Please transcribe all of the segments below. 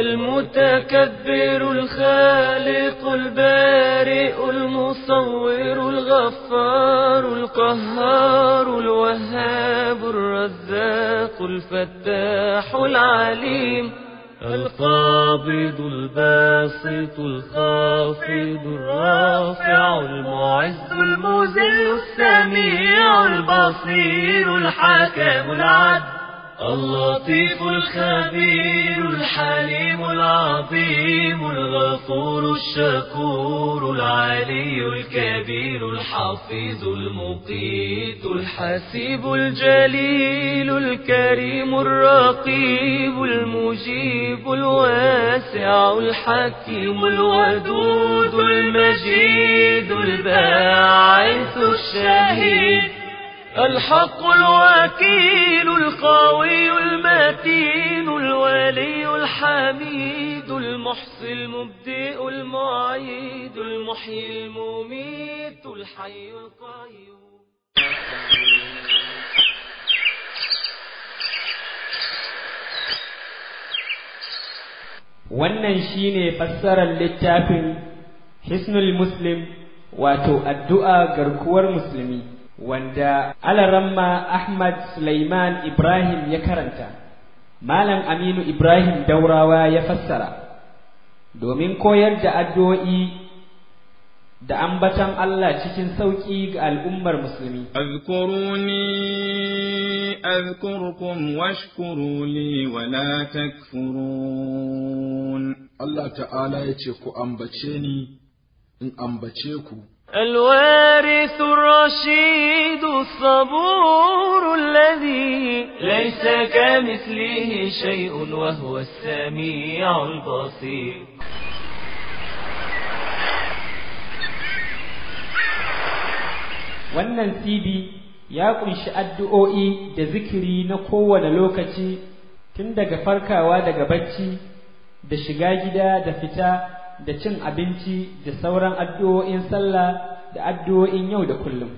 المتكبر الخالق البارئ المصور الغفار القهار الوهاب الرزاق الفتاح العليم القابض الباسط الخافض الرافع المعز المذل السميع البصير الحكيم العدل اللطيف الخبير الحليم العظيم الغفور الشكور العلي الكبير الحفيظ المقيت الحسيب الجليل الكريم الرقيب المجيب الواسع الحكيم الودود المجيد الباعث الشهيد الحق الوكيل القوي المتين الولي الحميد المحصي المبدئ المعيد المحيي المميت الحي القيوم wannan shine fassarar littafin hisnul muslim wato addu'a garkuwar musulmi wanda alaramma Ahmad Sulaiman Ibrahim ya karanta Malam Aminu Ibrahim Daurawa ya fassara domin koyar da addu'o'i da ambatan Allah cikin sauƙi ga al'ummar musulmi. Azkuruni azkurkum washkuruli wala takfurun. Allah ta'ala ya ce ku ambace ni in ambace ku. Alwari الرشيد الصبور الذي ليس كمثله شيء وهو السميع البصير wannan CD ya kunshi addu'o'i da zikiri na kowane lokaci tun daga farkawa daga bacci da shiga gida da fita da cin abinci da sauran addu'o'in sallah da addu'o'in yau da kullum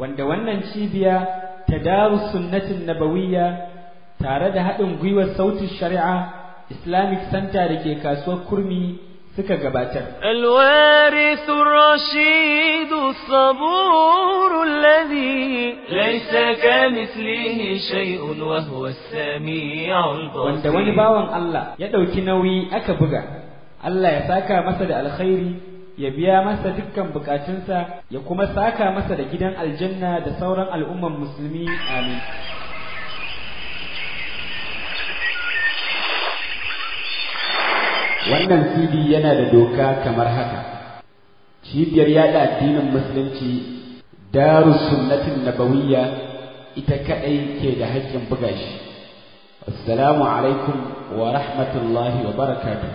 wanda wannan cibiya ta daru sunnatin nabawiyya tare da haɗin gwiwar sautin shari'a islamic center da ke kasuwar kurmi suka gabatar الوارث Lai الصبور الذي ليس كمثله شيء وهو السميع البصير wanda wani bawan Allah ya ɗauki nauyi aka buga Allah ya saka masa da alkhairi ya biya masa dukkan bukatunsa ya kuma saka masa da gidan aljanna da sauran al'umman musulmi amin wannan cd yana da doka kamar haka cibiyar yada addinin musulunci daru sunnatin nabawiyya ita kadai ke da haƙƙin buga shi assalamu alaikum wa rahmatullahi wa barakatuh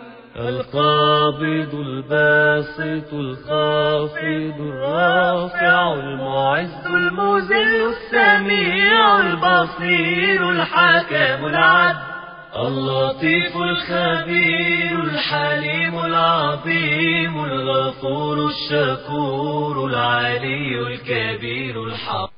القابض الباسط الخافض الرافع المعز المذل السميع البصير الحكيم العدل اللطيف الخبير الحليم العظيم الغفور الشكور العلي الكبير الحق